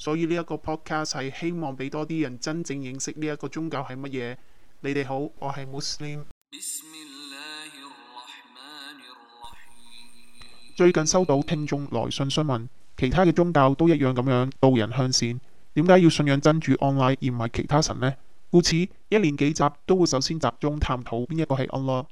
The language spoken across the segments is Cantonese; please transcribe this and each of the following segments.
所以呢一個 podcast 係希望俾多啲人真正認識呢一個宗教係乜嘢。你哋好，我係穆斯林。最近收到聽眾來信詢問，其他嘅宗教都一樣咁樣導人向善，點解要信仰真主安拉而唔係其他神呢？故此，一連幾集都會首先集中探討邊一個係安拉，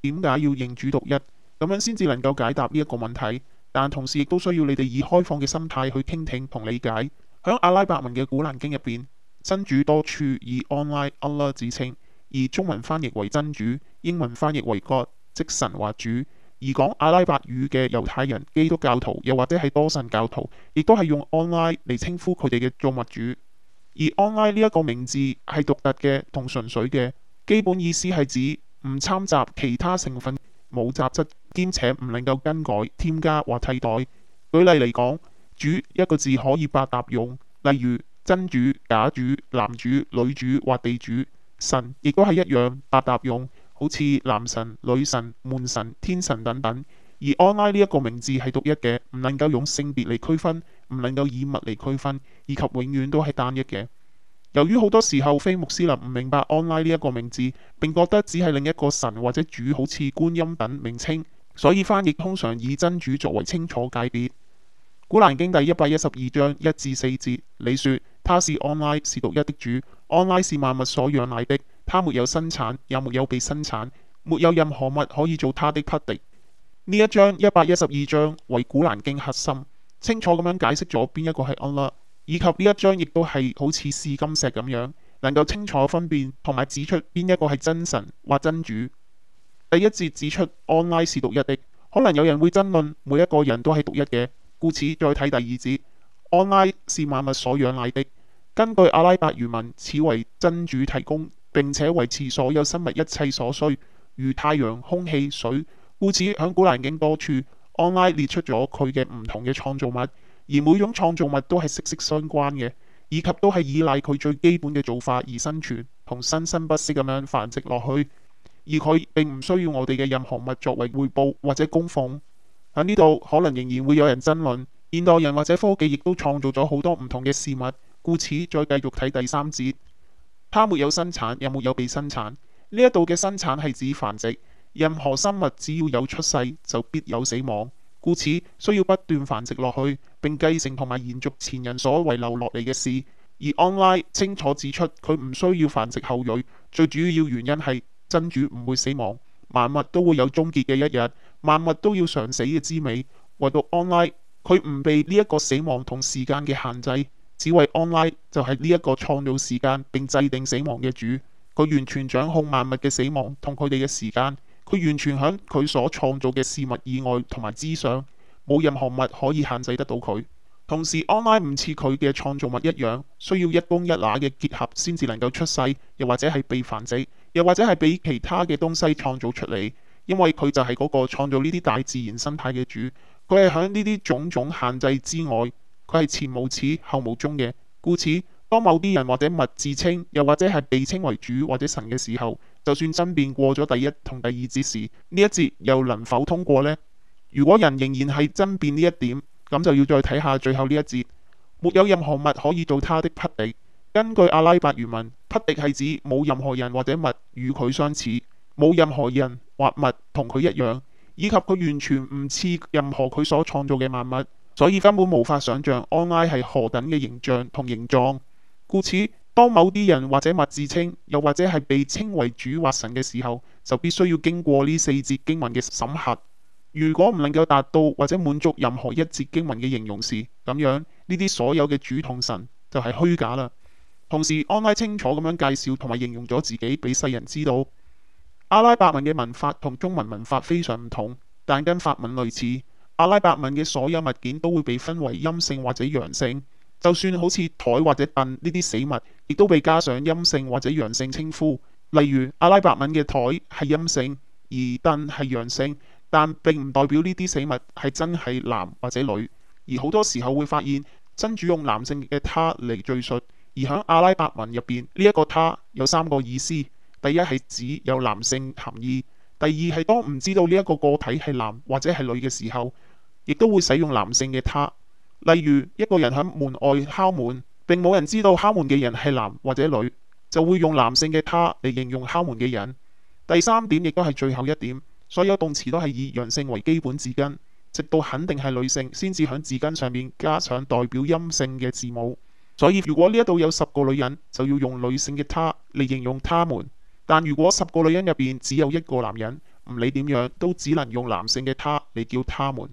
點解要認主獨一，咁樣先至能夠解答呢一個問題。但同時亦都需要你哋以開放嘅心態去傾聽同理解。響阿拉伯文嘅古蘭經入邊，真主多處以安拉、阿拉指稱；而中文翻譯為真主，英文翻譯為 God，即神或主。而講阿拉伯語嘅猶太人、基督教徒又或者係多神教徒，亦都係用安拉嚟稱呼佢哋嘅造物主。而安拉呢一個名字係獨特嘅同純粹嘅，基本意思係指唔參雜其他成分，冇雜質。兼且唔能夠更改、添加或替代。舉例嚟講，主一個字可以百搭用，例如真主、假主、男主、女主或地主。神亦都係一樣百搭用，好似男神、女神、門神、天神等等。而安拉呢一個名字係獨一嘅，唔能夠用性別嚟區分，唔能夠以物嚟區分，以及永遠都係單一嘅。由於好多時候非穆斯林唔明白安拉呢一個名字，並覺得只係另一個神或者主，好似觀音等名稱。所以翻譯通常以真主作為清楚界別。古蘭經第一百一十二章一至四節，你說他是安拉是獨一的主，安拉是萬物所仰賴的，他沒有生產，也沒有被生產，沒有任何物可以做他的匹敵。呢一章一百一十二章為古蘭經核心，清楚咁樣解釋咗邊一個係安拉，以及呢一章亦都係好似試金石咁樣，能夠清楚分辨同埋指出邊一個係真神或真主。第一節指出，安拉是獨一的，可能有人會爭論，每一個人都係獨一嘅，故此再睇第二節，安拉是萬物所仰賴的。根據阿拉伯語文，此為真主提供，並且維持所有生物一切所需，如太陽、空氣、水。故此響古蘭經多處，安拉列出咗佢嘅唔同嘅創造物，而每種創造物都係息息相關嘅，以及都係依賴佢最基本嘅做法而生存，同生生不息咁樣繁殖落去。而佢並唔需要我哋嘅任何物作為回報或者供奉。喺呢度，可能仍然會有人爭論現代人或者科技亦都創造咗好多唔同嘅事物，故此再繼續睇第三節。它沒有生產，又沒有被生產。呢一度嘅生產係指繁殖。任何生物只要有出世就必有死亡，故此需要不斷繁殖落去並繼承同埋延續前人所遺留落嚟嘅事。而安拉清楚指出，佢唔需要繁殖後裔，最主要原因係。真主唔會死亡，萬物都會有終結嘅一日，萬物都要嘗死嘅滋味。唯獨安拉佢唔被呢一個死亡同時間嘅限制，只為安拉就係呢一個創造時間並制定死亡嘅主，佢完全掌控萬物嘅死亡同佢哋嘅時間。佢完全響佢所創造嘅事物以外同埋之上，冇任何物可以限制得到佢。同時，安拉唔似佢嘅創造物一樣，需要一公一乸嘅結合先至能夠出世，又或者係被繁殖。又或者係俾其他嘅東西創造出嚟，因為佢就係嗰個創造呢啲大自然生態嘅主，佢係喺呢啲種種限制之外，佢係前無始後無終嘅，故此當某啲人或者物自稱，又或者係被稱為主或者神嘅時候，就算爭辯過咗第一同第二節時，呢一節又能否通過呢？如果人仍然係爭辯呢一點，咁就要再睇下最後呢一節，沒有任何物可以做他的匹敵。根據阿拉伯語文,文，匹迪係指冇任何人或者物與佢相似，冇任何人或物同佢一樣，以及佢完全唔似任何佢所創造嘅萬物,物，所以根本無法想象安拉係何等嘅形象同形狀。故此，當某啲人或者物自稱，又或者係被稱為主或神嘅時候，就必須要經過呢四節經文嘅審核。如果唔能夠達到或者滿足任何一節經文嘅形容時，咁樣呢啲所有嘅主同神就係虛假啦。同時，安拉清楚咁樣介紹同埋形容咗自己俾世人知道。阿拉伯文嘅文法同中文文法非常唔同，但跟法文類似。阿拉伯文嘅所有物件都會被分為陰性或者陽性，就算好似台或者凳呢啲死物，亦都被加上陰性或者陽性稱呼。例如阿拉伯文嘅台係陰性，而凳係陽性，但並唔代表呢啲死物係真係男或者女。而好多時候會發現真主用男性嘅他嚟敍述。而喺阿拉伯文入邊，呢一個他有三個意思。第一係指有男性含義第二係當唔知道呢一個個體係男或者係女嘅時候，亦都會使用男性嘅他。例如一個人喺門外敲門，並冇人知道敲門嘅人係男或者女，就會用男性嘅他嚟形容敲門嘅人。第三點亦都係最後一點，所有動詞都係以陽性為基本字根，直到肯定係女性先至響字根上面加上代表陰性嘅字母。所以如果呢一度有十個女人，就要用女性嘅她嚟形容她們；但如果十個女人入邊只有一個男人，唔理點樣都只能用男性嘅他嚟叫他們。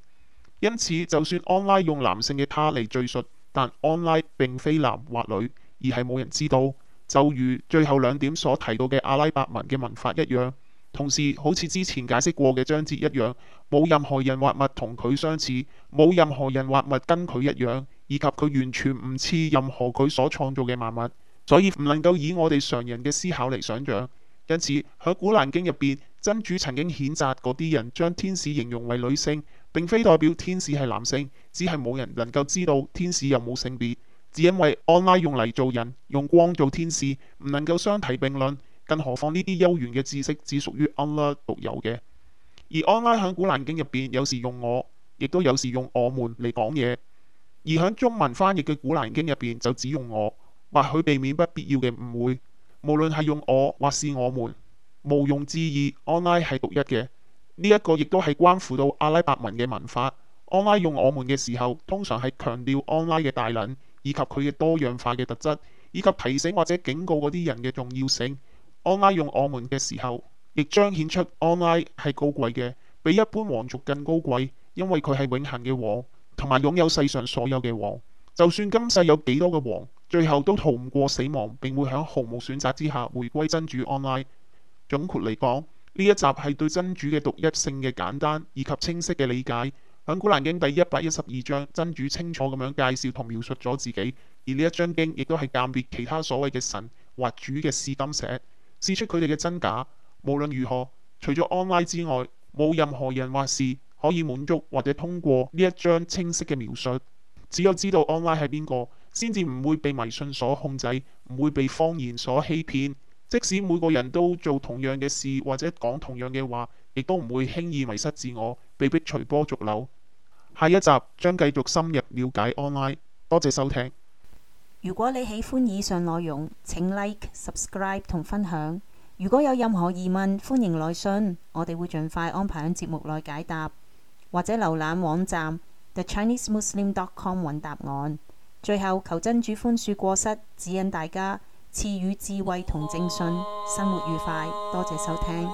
因此，就算安拉用男性嘅他嚟敘述，但安拉並非男或女，而係冇人知道。就如最後兩點所提到嘅阿拉伯文嘅文法一樣。同時，好似之前解釋過嘅章節一樣，冇任何人或物同佢相似，冇任何人或物跟佢一樣。以及佢完全唔似任何佢所創造嘅萬物，所以唔能夠以我哋常人嘅思考嚟想象。因此喺《古蘭經》入邊，真主曾經譴責嗰啲人將天使形容為女性，並非代表天使係男性，只係冇人能夠知道天使有冇性別。只因為安拉用嚟做人，用光做天使，唔能夠相提並論。更何況呢啲幽玄嘅知識只屬於安拉獨有嘅。而安拉喺《古蘭經》入邊有時用我，亦都有時用我們嚟講嘢。而喺中文翻譯嘅《古蘭經》入邊，就只用我，或許避免不必要嘅誤會。無論係用我或是我們，毋庸置疑，安拉係獨一嘅，呢、這、一個亦都係關乎到阿拉伯文嘅文化。安拉用我們嘅時候，通常係強調安拉嘅大能以及佢嘅多樣化嘅特質，以及提醒或者警告嗰啲人嘅重要性。安拉用我們嘅時候，亦彰顯出安拉係高貴嘅，比一般皇族更高貴，因為佢係永恆嘅王。同埋擁有世上所有嘅王，就算今世有幾多嘅王，最後都逃唔過死亡，並會喺毫無選擇之下回歸真主安拉。總括嚟講，呢一集係對真主嘅獨一性嘅簡單以及清晰嘅理解。喺古蘭經第一百一十二章，真主清楚咁樣介紹同描述咗自己，而呢一章經亦都係鑑別其他所謂嘅神或主嘅試金石，試出佢哋嘅真假。無論如何，除咗安拉之外，冇任何人或事。可以滿足或者通過呢一張清晰嘅描述。只有知道安拉係邊個，先至唔會被迷信所控制，唔會被謊言所欺騙。即使每個人都做同樣嘅事或者講同樣嘅話，亦都唔會輕易迷失自我，被迫隨波逐流。下一集將繼續深入了解安拉。多謝收聽。如果你喜歡以上內容，請 like、subscribe 同分享。如果有任何疑問，歡迎來信，我哋會盡快安排喺節目內解答。或者瀏覽網站 TheChineseMuslim.com 揾答案。最後求真主寬恕過失，指引大家，賜予智慧同正信，生活愉快。多謝收聽。